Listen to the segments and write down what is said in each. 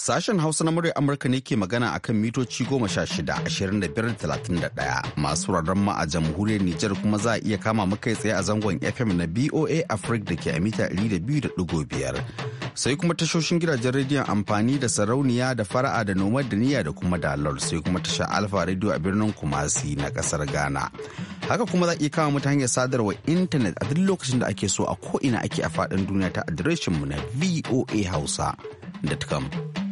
Sashen Hausa na murya Amurka ne ke magana a kan mitoci goma sha shida ashirin da biyar masu wuraren ma a jamhuriyar Nijar kuma za a iya kama mu kai tsaye a zangon FM na BOA Africa da ke a mita ɗari biyu da digo biyar. Sai kuma tashoshin gidajen rediyon amfani da sarauniya da fara'a da noma da niyya da kuma dalar sai kuma Tasha Alfa rediyo a birnin Kumasi na kasar Ghana. Haka kuma za a iya kama mu ta hanyar sadarwar intanet a duk lokacin da ake so a ko ina ake a faɗin duniya ta adireshinmu na Hausa.com.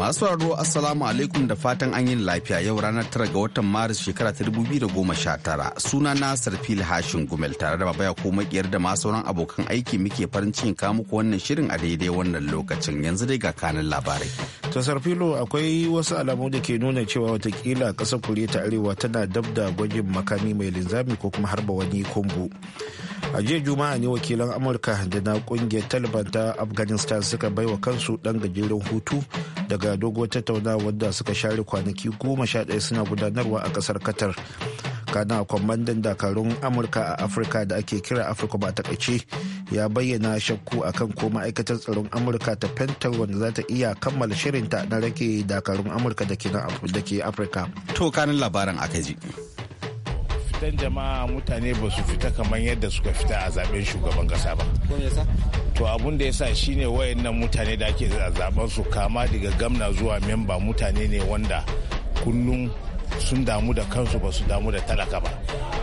Masu sauraro Assalamu alaikum da fatan an yin lafiya yau ranar tara ga watan Maris shekara ta dubu biyu da goma sha tara. Suna na Sarfil Hashin Gumel tare da babaya ko makiyar da masu sauran abokan aiki muke farin cikin ko wannan shirin a daidai wannan lokacin yanzu dai ga kanin labarai. ta Sarfilo akwai wasu alamu da ke nuna cewa watakila ƙasar Koriya ta Arewa tana dab da gwajin makami mai linzami ko kuma harba wani kumbu. a jiya juma'a ne wakilan amurka da na kungiyar taliban ta afghanistan suka baiwa kansu dan gajeren hutu daga dogon tattaunawar da suka share kwanaki goma sha ɗaya suna gudanarwa a kasar qatar kana kwamandan dakarun amurka a afirka da ake kira afirka ba takaice ya bayyana shakku akan ko ma'aikatar tsaron amurka ta pentagon za ta iya kammala shirinta na rage dakarun amurka da ke afirka to kanin labaran aka ji dan jama'a mutane ba su fita kamar yadda suka fita a zaben shugaban kasa ba to abun da ya sa shine wayannan mutane da ake zaben su kama daga gamna zuwa memba mutane ne wanda kullum sun damu da kansu ba su damu da talaka ba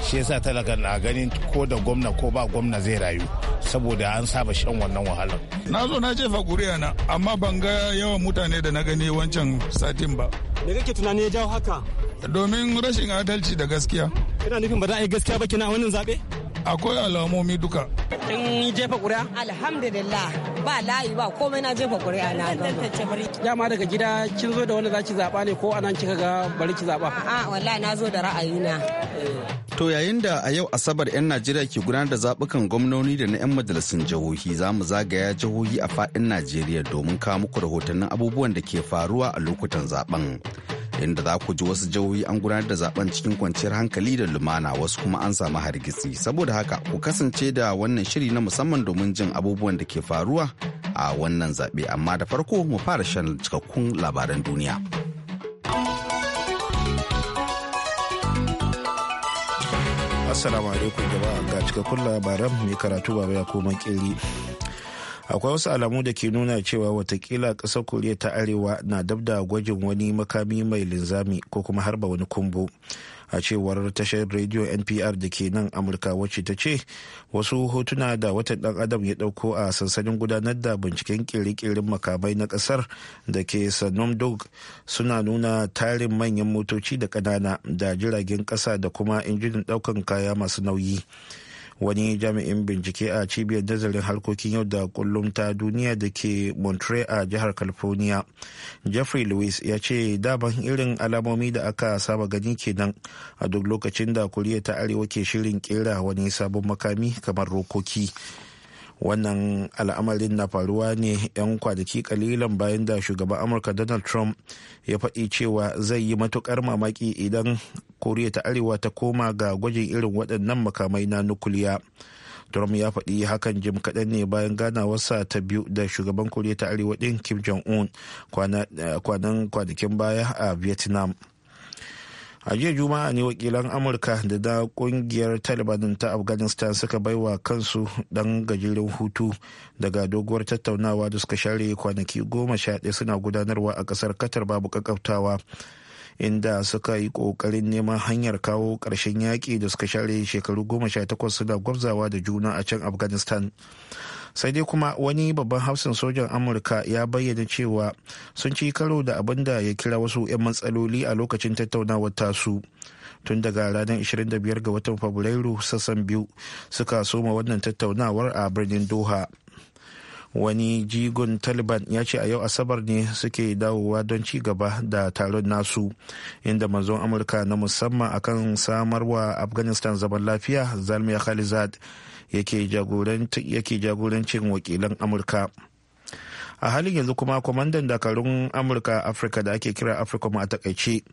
shi yasa talaka na ganin ko da gwamna ko ba gwamna zai rayu saboda an saba shan wannan wahalar na zo na jefa kuri'a na amma ban ga yawan mutane da na gani wancan satin ba me kake tunani ya jawo haka domin rashin adalci da gaskiya ina nufin ba za a yi gaskiya ba kina a wannan zaɓe akwai alamomi duka in jefa ƙuri'a alhamdulillah ba layi ba komai na jefa ƙuri'a na gama dama daga gida kin zo da wanda zaki zaɓa ne ko anan kika ga bari ki zaɓa a'a wallahi na zo da ra'ayina To yayin da a yau Asabar 'yan Najeriya ke gudanar da zaɓukan gwamnoni da na 'yan majalisun jihohi za mu zagaya jihohi a faɗin Najeriya domin kawo muku rahotannin abubuwan da ke faruwa a lokutan zaben. inda za ku ji wasu jihohi an gudanar da zaben cikin kwanciyar hankali da lumana wasu kuma an samu hargitsi saboda haka ku kasance da wannan shiri na musamman domin jin abubuwan da ke faruwa a wannan zaɓe amma da farko mu fara shan cikakkun labaran duniya assalamu alaikum jama'a ga cikakkun labaran mai karatu ba ya koma kiri akwai wasu alamu da ke nuna cewa watakila ƙasar koriya ta arewa na dab da gwajin wani makami mai linzami ko kuma harba wani kumbu a cewar tashar rediyo npr da ke nan amurka wacce ta ce wasu hotuna da wata dan adam ya dauko a sansanin gudanar da binciken kirikirin makamai na kasar da ke sanom dog suna nuna tarin manyan motoci da kanana da jiragen kasa da kuma injinin daukan kaya masu nauyi wani jami'in bincike a cibiyar nazarin harkokin yau da kullum ta duniya da ke montreal a jihar california jeffrey lewis ya ce daban irin alamomi da aka saba gani kenan a duk lokacin da kuriya ta arewa ke shirin kera wani sabon makami kamar rokoki. wannan al'amarin na faruwa ne 'yan kwanaki kalilan bayan da shugaban amurka donald trump ya faɗi cewa zai yi matukar mamaki idan koriya ta arewa ta koma ga gwajin irin waɗannan makamai na nukuliya trump ya faɗi hakan jim kaɗan ne bayan ganawarsa ta biyu da shugaban koriya ta arewa ɗin kim jong-un eh, kwanan kwanakin baya a vietnam a jiya juma'a ne wakilan amurka da da kungiyar taliban ta afghanistan suka baiwa kansu dan gajeren hutu daga doguwar tattaunawa da suka share kwanaki goma sha ɗaya suna gudanarwa a ƙasar katar babu kakkautawa inda suka yi ƙoƙarin neman hanyar kawo ƙarshen yaƙi da suka share shekaru goma sha takwas suna gwabzawa da juna a can afghanistan sai dai kuma wani babban hausin sojan amurka ya bayyana cewa sun ci karo da abin da ya kira wasu 'yan matsaloli a lokacin tattaunawar tasu tun daga ranar 25 ga watan fabrairu sassan biyu suka soma wannan tattaunawar a birnin doha wani jigon taliban ya ce a yau asabar ne suke dawowa don ci gaba da taron nasu inda manzon amurka na musamman akan samarwa afghanistan zaman lafiya zalmiya khalizad yake jagorancin wakilan amurka a halin yanzu kuma kwamandan dakarun amurka afirka da ake kira africom a takaice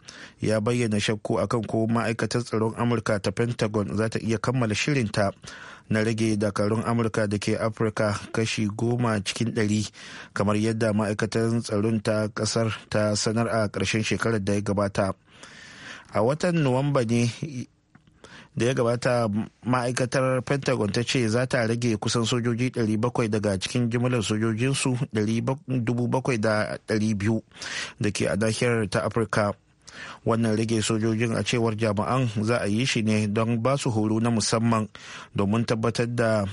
ya bayyana shakku akan ko ma'aikatar tsaron amurka ta pentagon za ta iya kammala shirinta na rage dakarun amurka da ke afirka kashi goma cikin ɗari kamar yadda ma'aikatan tsaron ta ƙasar ta sanar a ƙarshen shekarar da ya gabata a watan nuwamba ne da ya gabata ma'aikatar pentagon ta ce za ta rage kusan sojoji 700 daga cikin jimlar sojojinsu 7,200 da ke a nahiyar ta afirka wannan rage sojojin a cewar jami'an za a yi shi ne don ba su horo na musamman domin tabbatar da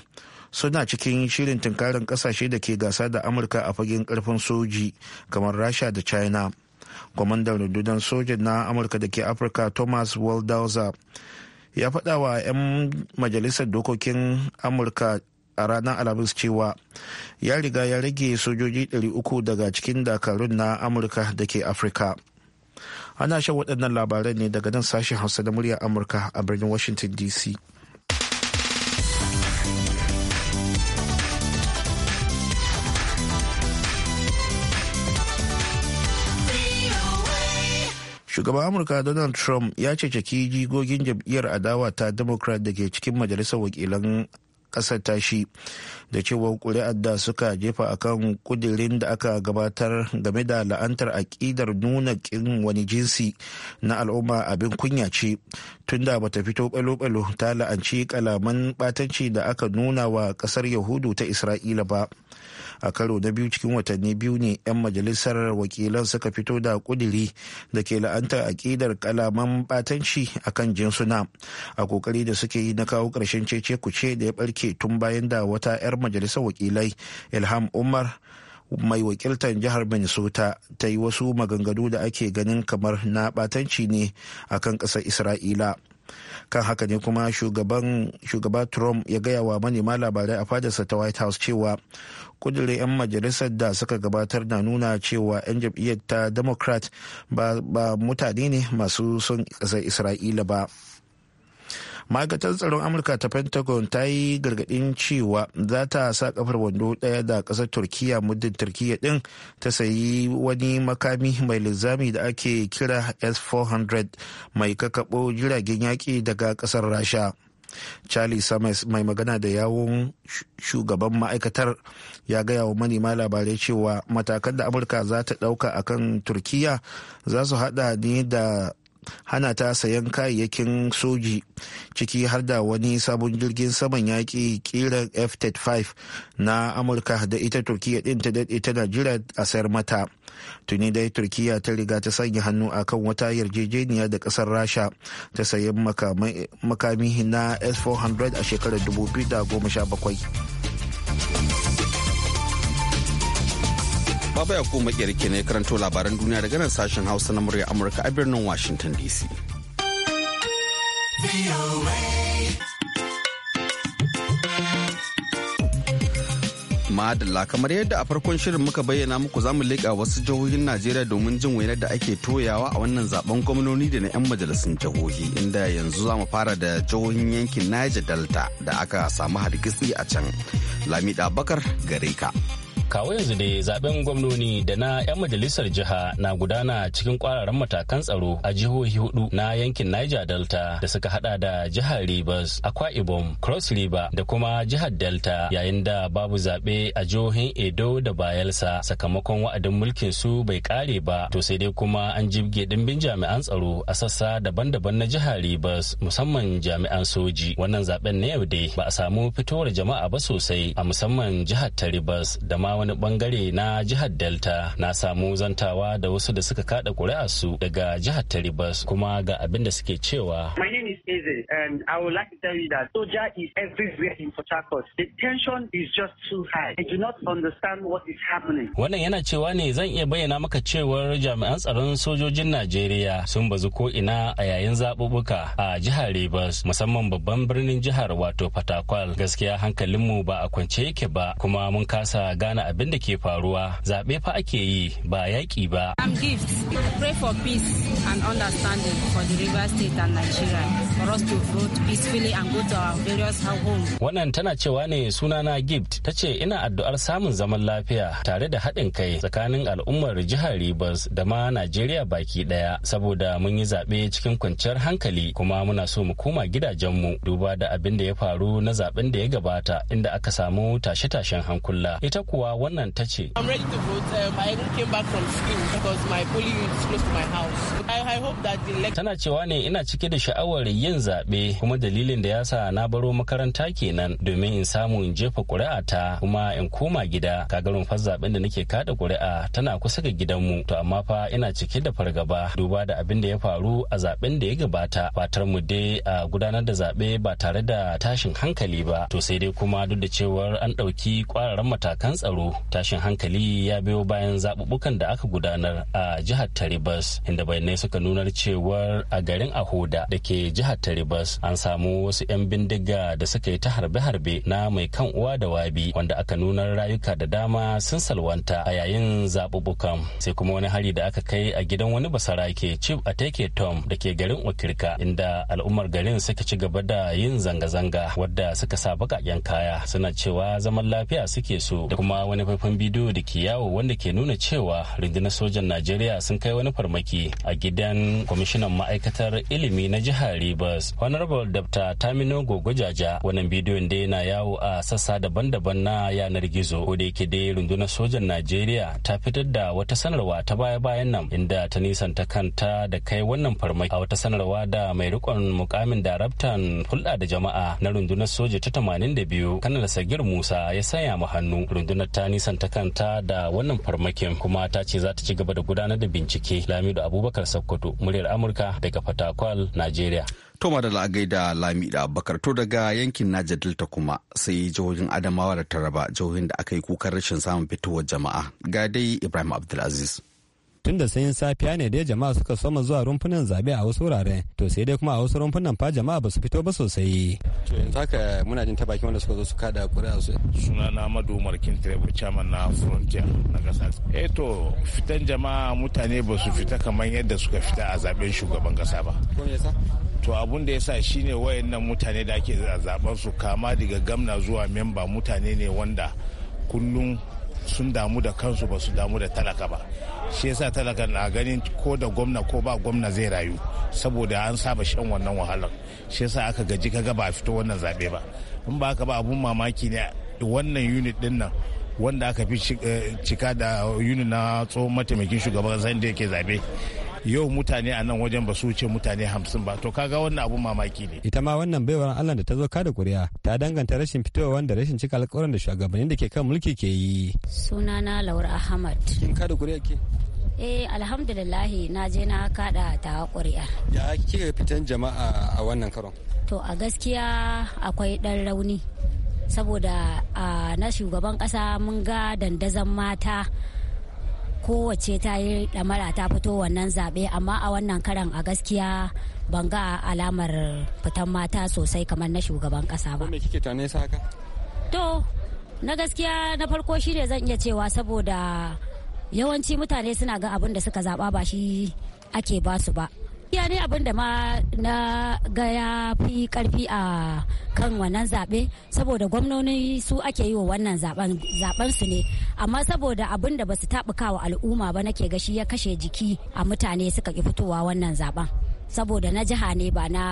suna cikin shirin tunkarin kasashe da ke gasa da amurka a fagen karfin soji kamar rasha da china kwamandan rundunar sojan na amurka da ke afirka thomas waldauser ya faɗa wa 'yan majalisar dokokin amurka a ranar alhamis cewa ya riga ya rage sojoji 300 daga cikin dakarun na amurka da ke afirka ana shan waɗannan labaran ne daga nan sashen hausa da murya amurka a birnin washington dc shugaban amurka donald trump ya ceceki jigogin jam'iyyar adawa ta democrat da ke cikin majalisar wakilan kasar tashi da cewa kuri'ar da suka jefa akan kudirin da aka gabatar game da la'antar aƙidar nuna ƙin wani jinsi na al'umma abin kunya ce tun da bata fito ɓalo-ɓalo ta la'anci kalaman batanci da aka nuna wa ƙasar yahudu ta isra'ila ba a karo na biyu cikin watanni biyu ne 'yan majalisar wakilan suka fito da kudiri da ke la'antar aƙidar kalaman batanci a kan jinsuna a kokari da suke yi na kawo karshen cece kuce da ya ɓarke tun bayan da wata 'yar majalisar wakilai ilham umar mai wakiltar jihar minnesota ta yi wasu maganganu da ake ganin kamar na batanci ne akan ƙasar isra'ila kan haka ne kuma shugaba trump ya gaya wa manema labarai a fadarsa ta white house cewa kudirin 'yan majalisar da suka gabatar na nuna cewa 'yan jam'iyyar ta democrat ba mutane ne masu son ƙasar isra'ila ba. ma'aikatar tsaron amurka ta pentagon ta yi gargadin cewa za ta sa kafar wando daya da ƙasar turkiya muddin turkiya din ta sayi wani makami mai linzami da ake kira s-400 mai kakabo jiragen yaki daga kasar rasha charlie summers mai magana da yawon shugaban ma'aikatar ya gaya wa manema labarai cewa matakan da amurka za ta dauka akan turkiya za su hada ne da hana ta sayan kayayyakin soji ciki har da wani sabon jirgin saman yaƙi kiran f-35 na amurka da ita turkiya ɗin ta daɗe tana jira a sayar mata tuni dai turkiyya ta riga ta sanya hannu a kan wata yarjejeniya da ƙasar rasha ta sayan makami na s-400 a shekarar 2017 Baba ya kuma makirke ne karanto labaran duniya daga nan sashen Hausa na murya Amurka a birnin Washington DC. Madalla kamar yadda a farkon shirin muka bayyana muku za mu leƙa wasu jihohin Najeriya domin jin wainar da ake toyawa a wannan zaben gwamnoni da na 'yan majalisun jihohi inda yanzu za mu fara da jihohin yankin Niger Delta da aka samu hargitsi a can. Lamida Bakar gare ka. kawo yanzu dai zaben gwamnoni da na 'yan majalisar jiha na gudana cikin kwararan matakan tsaro a jihohi hudu na yankin niger delta da suka hada da jihar rivers akwa ibom cross river da kuma jihar delta yayin da babu zaɓe a jihohin edo da bayelsa sakamakon wa'adin mulkin su bai kare ba to sai dai kuma an jibge dimbin jami'an tsaro a sassa daban-daban na jihar rivers musamman jami'an soji wannan zaben na yau dai ba a samu fitowar jama'a ba sosai a musamman jihar ta da ma wani bangare na jihar delta na samu zantawa da wasu da suka kada su daga jihar taribas kuma ga abin da suke cewa. is easy, and I would like to tell you that Soja is everywhere in Port Harcourt. The tension is just too high. I do not understand what is happening. Wannan yana cewa ne zan iya bayyana maka cewar jami'an tsaron sojojin Najeriya sun bazu ko ina a yayin zaɓuɓɓuka a jihar Rivers, musamman babban birnin jihar wato Fatakwal. Gaskiya hankalin mu ba a kwance yake ba, kuma mun kasa gane abin da ke faruwa. Zaɓe fa ake yi ba yaƙi ba. I'm gifts. Pray for peace and understanding for the Rivers State and Nigeria. to Wannan tana cewa ne sunana Gift ta ce ina addu'ar samun zaman lafiya tare da haɗin kai tsakanin al'ummar jihar Rivers da ma Najeriya baki ɗaya saboda mun yi zaɓe cikin kwanciyar hankali kuma muna so mu koma gidajenmu duba da abin da ya faru na zaɓen da ya gabata inda aka samu tashe-tashen hankula. Ita kuwa wannan ta ce. ready to house. Tana cewa ne ina cike da sha'awar yin zaɓe kuma dalilin da ya sa na baro makaranta kenan domin in samu in jefa ƙuri'a ta kuma in koma gida kagarin fas zaɓen da nake kaɗa ƙuri'a tana kusa ga gidanmu to amma fa ina cike da fargaba duba da abin da ya faru a zaɓen da ya gabata fatar mu dai a gudanar da zaɓe ba tare da tashin hankali ba to sai dai kuma duk da cewar an ɗauki ƙwararren matakan tsaro tashin hankali ya biyo bayan zaɓuɓɓukan da aka gudanar a jihar Taribas inda bai suka nunar cewar a garin ahoda da ke jihar taribas an samu wasu 'yan bindiga da suka yi ta harbe-harbe na mai kan uwa da wabi wanda aka nunar rayuka da dama sun salwanta a yayin zaɓuɓɓukan sai kuma wani hari da aka kai a gidan wani basarake chief take tom da ke garin okirka inda al'ummar garin suka ci gaba da yin zanga-zanga wadda suka sa baƙaƙen kaya suna cewa zaman lafiya suke so da kuma wani faifan bidiyo da ke yawo wanda ke nuna cewa rundunar sojan najeriya sun kai wani farmaki a gidan kwamishinan ma'aikatar ilimi na jihar Rivers Honorable Dr. Tamino Gogojaja wannan bidiyon da yana yawo a sassa daban-daban na yanar gizo ko da yake dai rundunar sojan Najeriya ta fitar da wata sanarwa ta baya-bayan nan inda ta nisanta kanta da kai wannan farmaki a wata sanarwa da mai rikon mukamin daraktan hulɗa da jama'a na rundunar soja ta tamanin da biyu, kanar Sagir Musa ya sanya ma hannu rundunar ta nisanta kanta da wannan farmakin kuma ta ce za ta ci gaba da gudanar da bincike Lamidu Abubakar Sokoto. Muryar Amurka daga Fatakwal, Najeriya. Toma da la'agai da Lamida Bakar to daga yankin Najeriya Delta kuma sai jihohin Adamawa da Taraba jihohin da aka yi kukan rashin samun fitowar jama'a. Ga dai Ibrahim Abdulaziz. tun da sanyin safiya ne dai jama'a suka soma zuwa rumfunan zabe a wasu wurare to sai dai kuma a wasu rumfunan fa jama'a ba su fito ba sosai to yanzu haka muna jin tabakin wanda suka zo su kada kuri'a su suna na madu markin trevor chairman na frontier na kasa eh to fitan jama'a mutane ba su fita kamar yadda suka fita a zaben shugaban kasa ba to abun da ya shine wayannan mutane da ake zaben su kama daga gamna zuwa memba mutane ne wanda kullum sun damu da kansu ba su damu da talaka ba shi yasa talaka na ganin ko da gwamna ko ba gwamna zai rayu saboda an saba shan wannan wahalar shi yasa aka gaji kaga ba fito wannan zabe ba in ba ka ba abun mamaki ne wannan unit din nan wanda aka fi eh, cika da unit na tsohon mataimakin shugaban zan da yake zabe yau mutane a nan wajen ba su wuce mutane hamsin ba to kaga wannan abun mamaki ne ita ma wannan baiwar allah da ta zo kada kuri'a ta danganta rashin fitowa da rashin cika alkawarin da shugabannin da ke kan mulki ke yi sunana laura ahmad kin kada kuri'a ke eh alhamdulillahi na je na kada ta ƙuri'a ya ke fitan jama'a a wannan karon to a gaskiya akwai dan rauni saboda ah, na shugaban kasa mun ga dandazon mata kowace ta yi ɗamara ta fito wannan zaɓe amma a wannan karan a gaskiya ban ga alamar fitan mata sosai kamar na shugaban ƙasa ba. Me kike nesa haka? To na gaskiya na farko shi ne zan iya cewa saboda yawanci mutane suna ga abin da suka zaɓa ba shi ake ba su ba. gaskiya ne abin da ma na ga ya fi karfi a kan wannan zaɓe saboda gwamnoni su ake yi wa wannan zaben su ne amma saboda abin da ba basu taɓukawa al'umma ba nake ga shi ya kashe jiki a mutane suka ki fitowa wannan zaben saboda na jiha ne ba na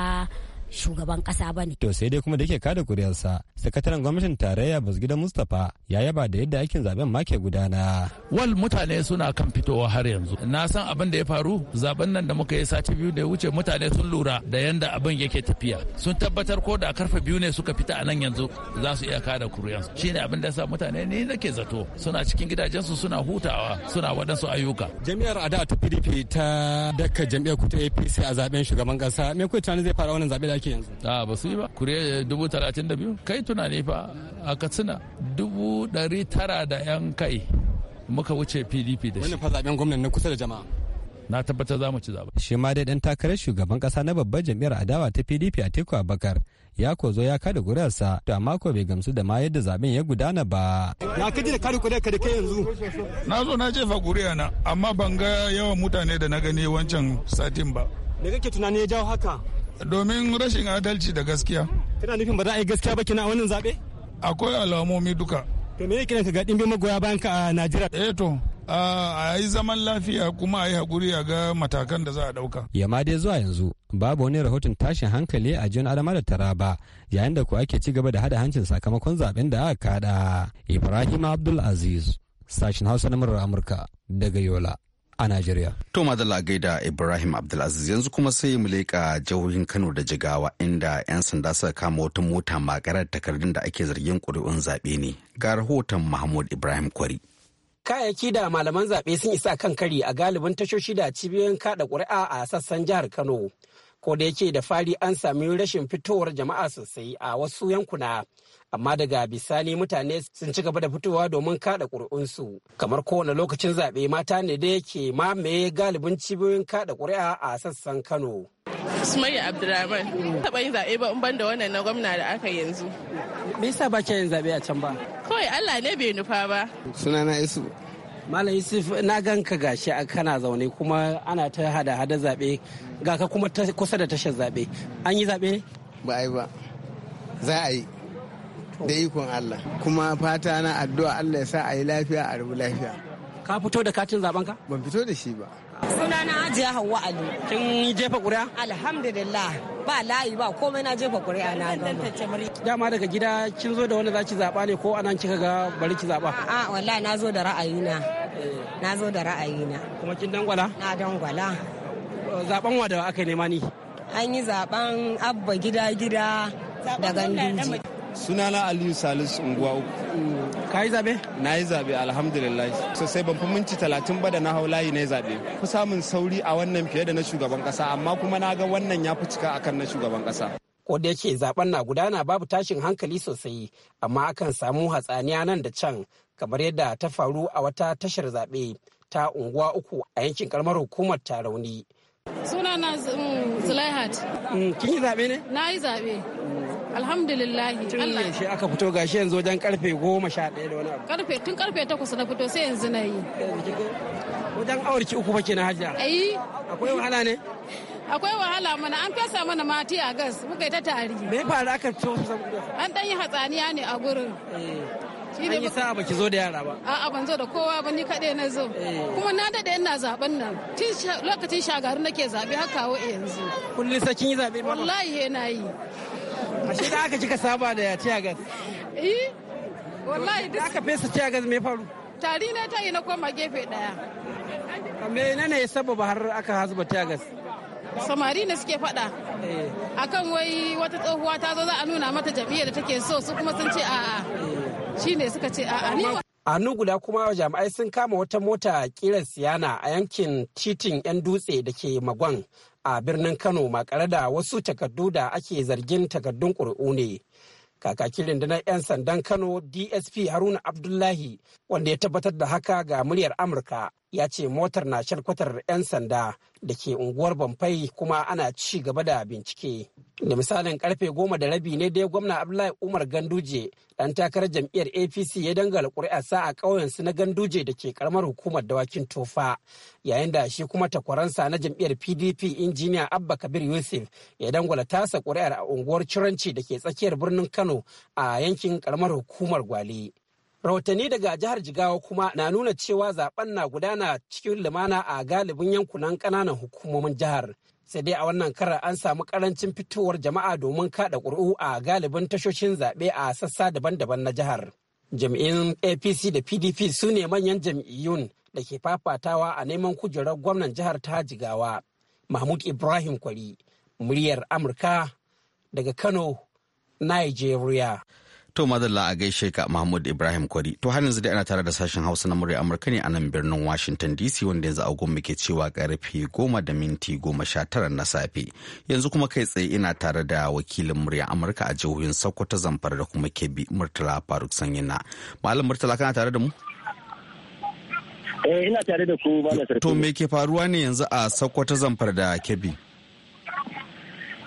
shugaban kasa ba ne. To sai dai kuma da yake kada kuriyarsa sakataren gwamnatin tarayya Basgida Mustapha ya yaba da yadda aikin zaben ma ke gudana. Wal mutane suna kan fitowa har yanzu. Na san abin da ya faru zaben nan da muka yi sati biyu da ya wuce mutane sun lura da yanda abin yake tafiya. Sun tabbatar ko da karfe biyu ne suka fita a nan yanzu za su iya kada kuriyarsu. Shine abin da ya sa mutane ne nake zato suna cikin gidajensu suna hutawa suna waɗansu ayyuka. Jami'ar Ada ta PDP ta daka jami'ar ku ta APC a zaben shugaban kasa me kuwa tunanin zai fara wannan zabe ake yanzu a ba su yi ba kuriya dubu talatin da biyu kai tunani fa a katsina dubu dari tara da yan kai muka wuce pdp da shi Wani fazaɓen gwamnan na kusa da jama'a na tabbata za mu ci zaɓe. shi ma dai dan takarar shugaban kasa na babbar jam'iyyar adawa ta pdp a teku abakar ya kozo ya kada gurarsa to amma ko bai gamsu da ma yadda zaben ya gudana ba ya kaji da kare kuri'a ka da kai yanzu na zo na jefa kuri'a na amma ban ga yawan mutane da na gani wancan satin ba me kake tunani ya jawo haka domin rashin adalci da gaskiya kana nufin ba za a yi gaskiya ba kina wannan zaɓe akwai alamomi duka to me yake ka ga dimbin magoya bayan ka a Najeriya eh to a yi zaman lafiya kuma a yi haƙuri a ga matakan da za a ɗauka. Yamma dai zuwa yanzu babu wani rahoton tashin hankali a jiyan Adama da Taraba yayin da ku ake ci gaba da hada hancin sakamakon zaɓen da aka kaɗa Ibrahim Abdul Aziz, sashen Hausa na Amurka daga Yola a Najeriya. To madalla gaida Ibrahim Abdulaziz yanzu kuma sai mu leƙa jihohin Kano da Jigawa inda 'yan sanda suka kama wata mota makarar takardun da ake zargin kuri'un zaɓe ne. Ga rahoton Mahmud Ibrahim Kwari. kayayyaki da malaman zaɓe sun isa kan kari a galibin tashoshi da cibiyoyin kaɗa ƙuri'a a sassan jihar Kano. ko da yake da fari an sami rashin fitowar jama'a sosai a wasu yankuna amma daga bisani mutane sun ci gaba da fitowa domin kada ƙuri'unsu kamar kowane lokacin zaɓe mata ne da yake mamaye galibin cibiyoyin kada ƙuri'a a sassan kano sumayya abdulrahman taɓa yin zaɓe ba in ban da wannan na gwamna da aka yanzu me yasa ba yin zaɓe a can ba kawai allah ne bai nufa ba sunana isu Malam Yusuf na gan ka gashi a kana zaune kuma ana ta hada hada zaɓe ga ka kuma kusa da tashar zaɓe. An yi zaɓe ne? Ba ai ba. Za a yi. Da ikon Allah. Kuma fata na addu'a Allah ya sa a yi lafiya a rubu lafiya. Ka fito da katin zaben ka? Ban fito da shi ba. Suna na ajiya Hauwa Ali. Kin jefa ƙuri'a? Alhamdulillah. Ba layi ba komai na jefa ƙuri'a na Da Dama daga gida kin zo da wanda za ki zaɓa ne ko anan kika ga bari ki zaɓa? A'a wallahi na zo da ra'ayina. na zo da ra'ayina kuma kin dangwala na dangwala zaben wa da aka nema ni an yi zaben abba gida gida da ganduje sunana aliyu salisu unguwa uku ka yi zabe na yi zabe alhamdulillah sosai ban fi minti talatin ba da na hau layi na yi zabe fi samun sauri a wannan fiye da na shugaban kasa amma kuma na ga wannan ya fi cika akan na shugaban kasa ko da yake zaben na gudana babu tashin hankali sosai amma akan samu hatsaniya nan da can kamar yadda ta faru a wata tashar zaɓe ta unguwa uku a yankin karamar hukumar ta rauni. Suna na Zulaihat. Mm, kin yi zaɓe ne? Na yi zaɓe. Alhamdulillahi. Tun shi aka fito gashi yanzu wajen karfe goma sha ɗaya da wani abu. Karfe tun karfe takwas na fito sai yanzu na yi. Wajen awarki uku fa kenan hajja. Ayi. Akwai wahala ne? akwai wahala mana an fesa mana mati a gas muka yi ta tari. Me faru aka fito An ɗan yi hatsaniya ne a gurin. Eh. an yi sa'a baki zo da yara ba a'a ban zo da kowa ba ni kaɗai na zo eh. kuma na daɗe ina zaben nan tun lokacin shagaru nake zaɓe haka wa yanzu kullum sai kin yi zaɓe ba wallahi he na yi shi da aka kika saba da ya tiya gas eh wallahi duk aka fesa tiya gas me faru tari na ta yi na koma gefe daya me ne ne sababa har aka hazuba tiya gas samari ne suke faɗa eh. akan wai wata tsohuwa ta zo za a nuna mata jami'a da take so su kuma sun ce a'a eh. shi ne suka ce a'a ni a hannu guda kuma jami'ai sun kama wata mota kiran siyana a yankin titin 'yan dutse da ke magwan a birnin kano makare da wasu takardu da ake zargin takardun ƙuri'u ne kakakin rundunar 'yan sandan kano dsp haruna abdullahi wanda ya tabbatar da haka ga muryar amurka ya ce motar na kwatar 'yan sanda da ke unguwar bamfai kuma ana ci gaba da bincike da misalin karfe goma da rabi ne dai gwamna abdullahi umar ganduje dan takarar jam'iyyar apc ya dangala sa a ƙauyensu na ganduje da ke karamar hukumar dawakin tofa yayin da shi kuma takwaransa na jam'iyyar pdp injiniya abba kabir yusuf ya dangwala tasa ƙuri'ar a unguwar ciranci da ke tsakiyar birnin kano a yankin karamar hukumar gwale Rahotanni daga jihar Jigawa kuma na nuna cewa zaben na gudana cikin lumana a galibin yankunan ƙananan hukumomin jihar. Sai dai a wannan kara an samu ƙarancin fitowar jama'a domin kaɗa ƙuri'u a galibin tashoshin zaɓe a sassa daban-daban na jihar. Jam'iyyun APC da PDP su ne manyan jam'iyyun da ke fafatawa a neman kujerar gwamnan jihar ta Jigawa. Mahmud Ibrahim Kwari, muryar Amurka daga Kano, Nigeria. To madalla a gaishe ka Mahmud Ibrahim Kwari. To har yanzu dai ana tare da sashen Hausa na murya Amurka ne a nan birnin Washington DC wanda yanzu agon muke cewa karfe goma da minti goma sha tara na safe. Yanzu kuma kai tsaye ina tare da wakilin murya Amurka a jihohin Sokoto Zamfara da kuma Kebbi Murtala Faruk Sanyina. Malam Murtala kana tare da mu? Eh ina tare da ku Malam Sarki. To me ke faruwa ne yanzu a Sokoto Zamfara da Kebbi?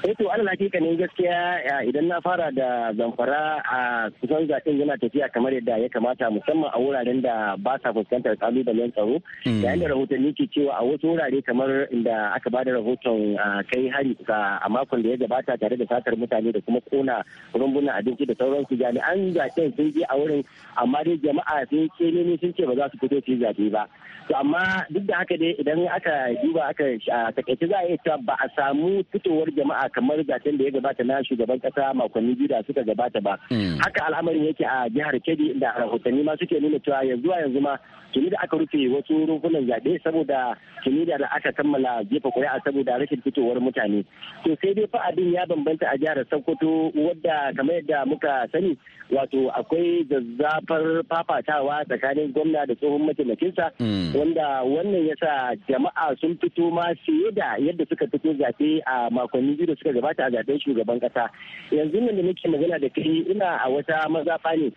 sai eh to hakika ne gaskiya idan na fara da zamfara a kusan zaɓen yana tafiya kamar yadda ya kamata musamman a wuraren da ba sa fuskantar kalubalen tsaro hmm. yayin da rahotanni ke cewa a wasu wurare kamar inda aka ba da rahoton kai hari a makon da ya gabata tare da satar mutane da kuma kona rumbunan abinci da sauran su jami'an zaɓen sun je a wurin amma dai jama'a sun ce ne sun ce ba za su fito su yi ba to amma duk da haka dai idan aka duba aka takaice za a iya ta ba a samu fitowar jama'a kamar zaton da ya gabata na shugaban kasa makonni biyu da suka gabata ba hmm. haka al'amarin yake a jihar kebbi da rahotanni ma suke nuna cewa yanzu a yanzu ma tuni da aka rufe wasu rumfunan zaɓe saboda tuni da aka kammala jefa kuri'a saboda rashin fitowar mutane to sai dai fa abin ya bambanta a jihar sokoto wadda kamar yadda muka sani wato akwai zazzafar fafatawa tsakanin gwamna da tsohon mataimakinsa hmm. wanda wannan yasa jama'a sun fito ma fiye da yadda suka fito zaɓe a makonni biyu da suka gabata a zaben shugaban kasa yanzu nan da nake magana da kai ina a wata mazafa ne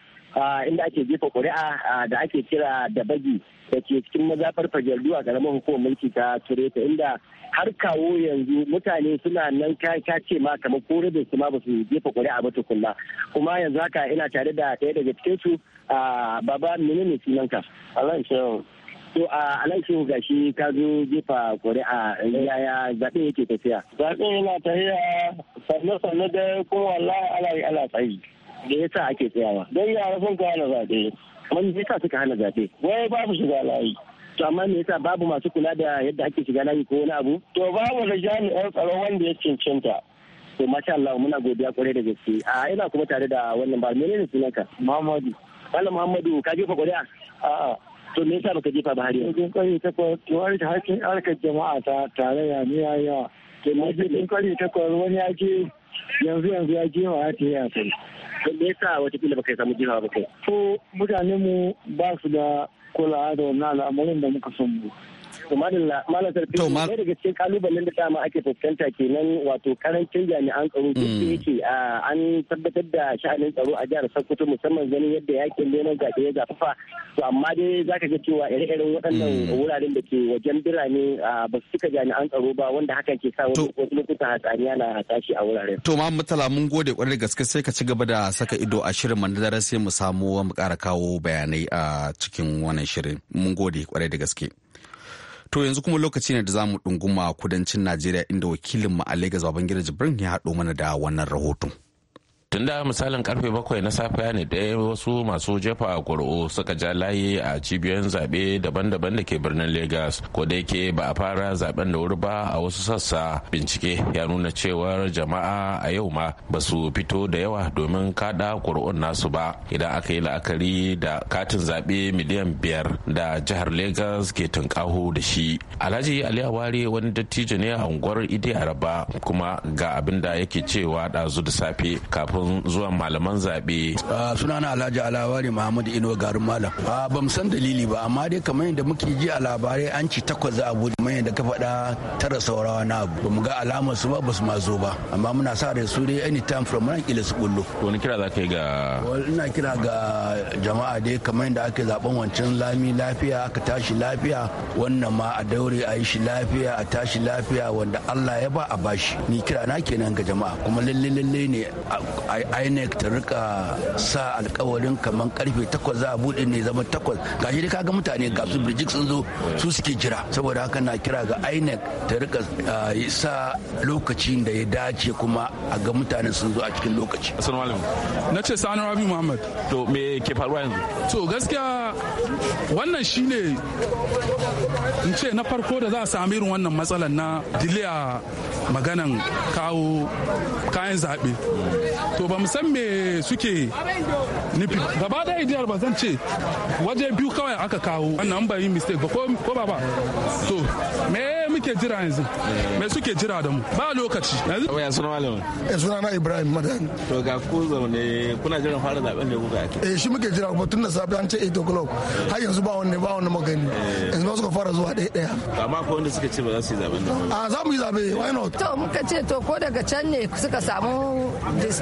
inda ake jefa ƙuri'a da ake kira da bagi da ke cikin mazafar fajardu a ƙaramin hukumar mulki ta tureta inda har kawo yanzu mutane suna nan ka ce ma kamar ko rabin su ma ba su jefa ƙuri'a ba tukunna kuma yanzu haka ina tare da ɗaya daga cikin su baba menene sunanka Allah ya To a alaishin gashi ka zo jefa kuri'a yaya zaɓe yake tafiya. Zaɓe yana tafiya sanne-sanne da ko wallahi ala yi ala tsayi. Da yasa ake tsayawa. Don yi sun ka hana zaɓe. Wani yasa suka hana zaɓe. Wai Babu su shiga layi. to amma me yasa babu masu kula da yadda ake shiga layi ko wani abu to babu da jami'an tsaro wanda ya cancanta to masha Allah muna godiya kwarai da gaske a ina kuma tare da wannan ba menene sunanka Muhammadu Malam Muhammadu ka jefa kuri'a a'a to me yasa baka jefa ba har yanzu cikin kwari takwas to harkin harkar jama'a ta tarayya ne ya yawa to me cikin kwari takwas wani ya ke yanzu yanzu ya je ya ta yi asali to me yasa watakila baka samu jefa ba kai to mutanen mu ba su da kulawa da wannan al'amarin da muka son mu To malam ne daga cikin kalubalen da dama ake fuskanta kenan wato karancin jami'an tsaro duk da mm. yake an tabbatar da sha'anin tsaro a jihar Sokoto musamman ganin yadda yakin neman zaɓe ya zafafa to amma dai zaka ga cewa ire-iren waɗannan mm. wuraren da ke wajen birane ba su cika jami'an tsaro ba wanda hakan ke sa wasu lokutan hatsaniya na tashi a wuraren. To ma mutala mun gode kwarai gaske sai ka ci gaba da saka ido a shirin mu sai mu samu mu ƙara kawo bayanai a cikin wannan shirin mun gode kwarai da gaske. To yanzu kuma lokaci ne da za mu ɗunguma kudancin Najeriya inda wakilin wakilinmu a Legas Babangida Jibrin ya haɗo mana da wannan rahoton. tun da misalin karfe bakwai na safiya ne da wasu masu jefa ƙuri'u suka ja layi a cibiyoyin zaɓe daban-daban da ke birnin lagos ko da yake ba a fara zaben da wuri ba a wasu sassa bincike ya nuna cewar jama'a a yau ma ba su fito da yawa domin kada ƙuri'un nasu ba idan aka yi la'akari da katin zaɓe miliyan biyar da jihar lagos ke tunkaho da shi alhaji ali awari wani dattijo ne a unguwar idi araba kuma ga abin da yake cewa ɗazu da safe kafin kafin zuwan malaman zaɓe. Ah, sunana alhaji alawari muhammadu ino garin malam ah, ba mu san dalili ba amma dai kamar yadda muke ji a labarai an ci takwas za a bude yadda ka faɗa tara saurawa na abu ba mu ga alamar su ba ba su ma zo ba amma muna sa da su dai any from ran kila su kullu. wani kira za ka yi ga. ina kira ga jama'a dai kamar yadda ake zaben wancan lami lafiya aka tashi lafiya wannan ma a daure a yi shi lafiya a tashi lafiya wanda Allah ya ba a bashi ni kira na kenan ga jama'a kuma lalle lalle ne inec ta rika sa alkawarin kamar karfe takwas za a bude ne zama takwas shi ka ga mutane ga su birjik sun zo su suke jira saboda haka na kira ga inec ta rika sa lokacin da ya dace kuma a ga mutane sun zo a cikin lokaci na ce sani rabi muhammad to me ke faruwa yanzu to gaskiya wannan shine in ce na farko da za a sami irin wannan matsalar na diliya maganan kawo kayan zaɓe to ba san me suke nufi gaba da idiyar ba zan ce waje biyu kawai aka kawo wannan ba yi mistake ba ko ba ba to me suke jira yanzu me suke jira da mu ba lokaci yanzu ya suna malama ya eh, suna na Ibrahim Madan to ga ku zaune kuna jiran fara zaben ne kuka ake eh shi muke jira kuma tun da safe an ce 8 o'clock har yanzu ba wanne ba wanne magani eh. yanzu ba suka fara zuwa daya daya. amma ko wanda suka ce ba za su yi zaben da a ah, za mu yi zabe why not to muka ce to ko daga can ne suka samu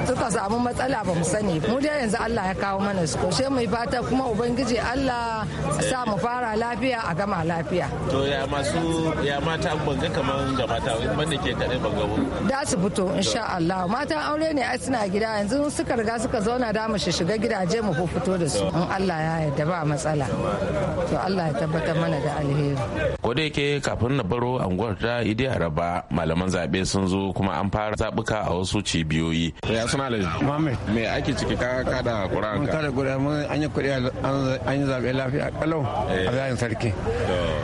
suka samu matsala ba mu sani mu dai yanzu Allah ya kawo mana su ko sai mu fata kuma ubangiji Allah sa mu fara lafiya a gama lafiya to ya masu ya mata an banga kamar ga mata ban da ke kaɗai ban ba. Da su fito insha Allah matan aure ne ai suna gida yanzu suka riga suka zauna da mu shiga gidaje mu ko fito da su in Allah ya yarda ba matsala. To Allah ya tabbatar mana da alheri. Ko da yake kafin na baro anguwar ta Idi Araba malaman zabe sun zo kuma an fara zabuka a wasu cibiyoyi. Ya suna da Muhammad me ake ciki ka kada Qur'an ka. Kada Qur'an mun an yi kuɗi an yi zabe lafiya kalau a zayin sarki.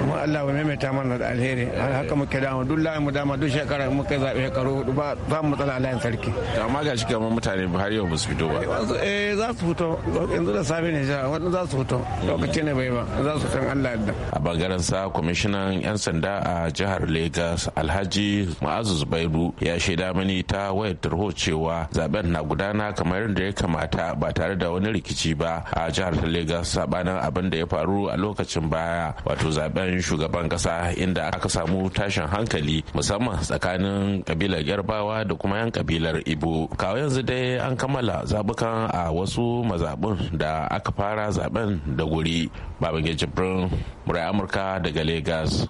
Kuma Allah ya maimaita mana da alheri. haka muke mu duk layin mu dama duk shekara mu kai zaɓe shekaru hudu ba za mu matsala layin sarki. amma ga shi kamar mutane har yau ba su fito ba. Eh, eh za su fito yanzu da safe ne jira wannan za su fito lokaci ne bai ba za su san Allah yadda. a bangaren sa kwamishinan yan sanda a jihar lagos Alhaji Ma'azu Zubairu ya shaida mani ta wayar tarho cewa zaben na gudana kamar yadda ya kamata ba tare da wani rikici ba a jihar lagos sabanan sabanin abin da ya faru a lokacin baya wato zaben shugaban kasa inda aka samu tashin hankali musamman tsakanin kabilar yarbawa da kuma yan kabilar ibo kawo yanzu dai an kammala zabukan a wasu mazaɓin da aka fara zaben da guri babangida jibrin murai amurka daga lagos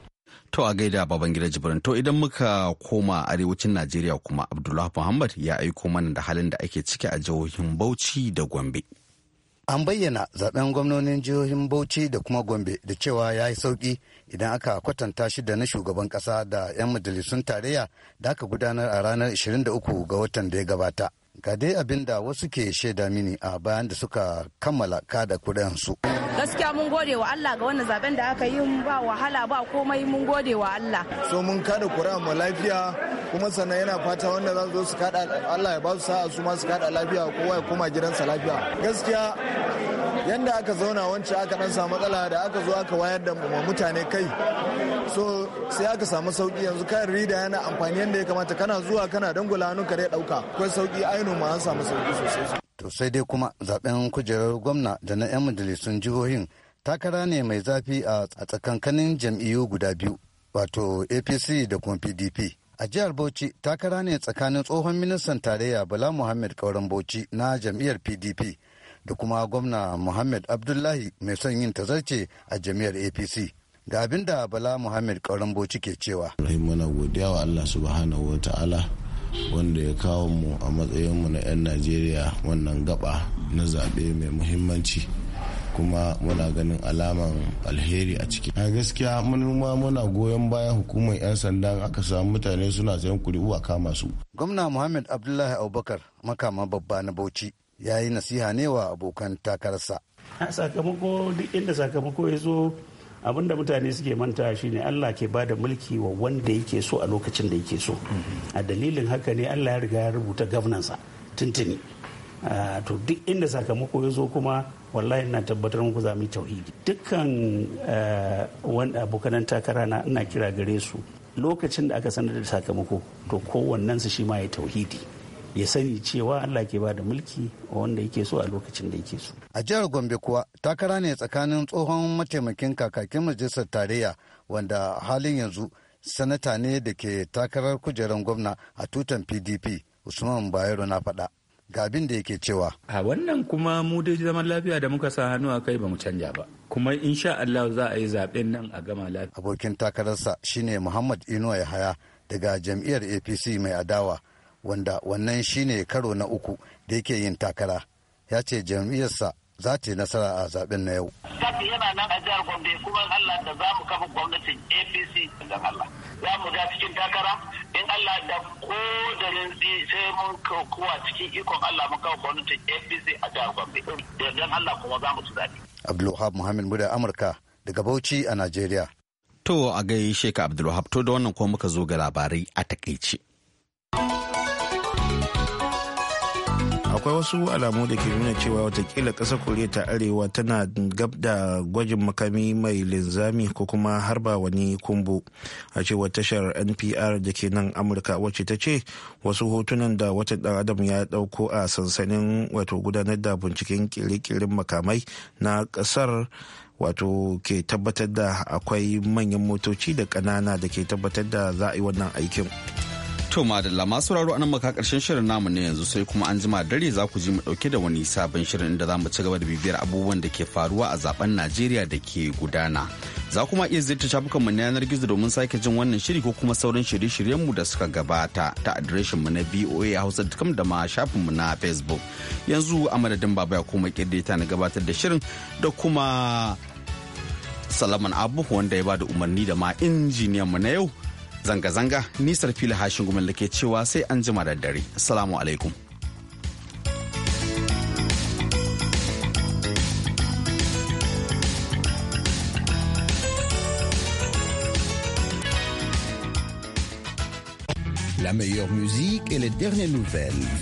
to a gaida babangida jibrin to idan muka koma arewacin najeriya kuma abdullahi muhammad ya aiko mana da halin da ake ciki a jihohin bauchi da gombe an bayyana zaɓen gwamnonin jihohin bauchi da kuma gombe da cewa ya yi sauki idan aka kwatanta shi da na shugaban ƙasa da 'yan majalisun tarayya da aka gudanar a ranar 23 ga watan da ya gabata ga dai abin da wasu ke shaida mini a bayan da suka kammala kada kuɗin su. gaskiya mun gode wa Allah ga wannan zaben da aka yi ba wahala ba komai mun gode wa Allah so mun kada kuɗin mu lafiya kuma sannan yana fata wanda za su zo su kada Allah ya ba su sa'a su ma su kada lafiya kowa ya koma gidansa lafiya gaskiya yanda aka zauna wancan aka dan samu matsala da aka zo aka wayar da mutane kai so sai aka samu sauki yanzu kayan rida yana amfani yadda ya kamata kana zuwa kana dangula hannun da dauka akwai sauki ainihin ma an samu sauki sosai to sai dai kuma zaben kujerar gwamna da na 'yan majalisun jihohin takara ne mai zafi a tsakankanin jam'iyyu guda biyu wato apc da kuma pdp a jihar bauchi takara ne tsakanin tsohon ministan tarayya bala muhammad kauran bauchi na jam'iyyar pdp da kuma gwamna muhammad abdullahi mai son yin tazarce a jam'iyyar apc da abin da bala muhammad kauran bauchi ke cewa rahim muna godiya wa allah subhanahu wa ta'ala wanda ya kawo mu a matsayinmu na 'yan najeriya wannan gaba na zaɓe mai muhimmanci kuma muna ganin alaman alheri a ciki a gaskiya manoma muna goyon bayan hukumar 'yan sandan aka samu mutane suna sayan kuri'u a kama su gwamna muhammad abdullahi abubakar makama babba na bauchi ya yi nasiha ne wa abokan takararsa sakamako duk inda sakamako ya zo abin da mutane suke manta shine Allah ke bada mulki wa wanda yake so a lokacin da yake so mhm. a dalilin haka ne Allah ya riga ya rubuta gwamnansa tuntuni to duk inda sakamako ya zo kuma wallahi ina tabbatar muku za mu yi tauhidi dukkan wanda abokanan takara na ina kira gare su lokacin da aka sanar da sakamako to kowannensu shi ma ya tauhidi ya sani cewa Allah ke ba da mulki wanda yake so a lokacin da yake so. A jihar Gombe kuwa takara ne tsakanin tsohon mataimakin kakakin majalisar tarayya wanda halin yanzu sanata ne da ke takarar kujerar gwamna a tutan PDP Usman Bayero na faɗa. ga abin da yake cewa. A wannan kuma mu dai zaman lafiya da muka sa hannu a kai ba mu canja ba. Kuma in sha Allah za a yi zaɓen nan a gama lafiya. Abokin takararsa shine Muhammad Inuwa Yahaya daga jam'iyyar APC mai adawa wanda wannan shine karo na uku da yake yin takara ya ce jam'iyyarsa za ta yi nasara a zaben na yau. Kati yana nan a jihar Gombe kuma Allah da za mu kafa gwamnatin APC don Allah. Za mu ga cikin takara in Allah da ko da rinzi sai mun kowa cikin ikon Allah mun kafa gwamnatin APC a jihar Gombe. Don Allah kuma za mu ci zaɓe. Abdulwahab Muhammad Muda Amurka daga Bauchi a Najeriya. To a gaishe ka Abdulwahab to da wannan kuma muka zo ga labarai a takaice. akwai wasu alamu da ke nuna cewa watakila ƙasar koriya ta arewa tana gab da gwajin makami mai linzami ko kuma harba wani kumbu a cewa tashar npr da ke nan amurka wacce ta ce wasu hotunan da wata dan adam ya dauko a sansanin wato gudanar da binciken kirkirin makamai na ƙasar wato ke tabbatar da akwai manyan motoci da ƙanana da ke tabbatar da za a yi wannan aikin. To madalla masu sauraro anan maka karshen shirin namu ne yanzu sai kuma an jima dare za ku ji mu dauke da wani sabon shirin inda za mu ci gaba da bibiyar abubuwan da ke faruwa a zaben Najeriya da ke gudana. Za kuma iya ziyarta shafukan mu na yanar gizo domin sake jin wannan shiri ko kuma sauran shirye-shiryen mu da suka gabata ta adireshin mu na voahausa.com da ma shafin mu na Facebook. Yanzu a madadin baba ya kuma kirdeta na gabatar da shirin da kuma Salaman Abu wanda ya ba da umarni da ma injiniyan mu na yau zanga-zanga nisar fili hashin gumin da ke cewa sai an salamu alaikum La meilleure musique et les dernières nouvelles.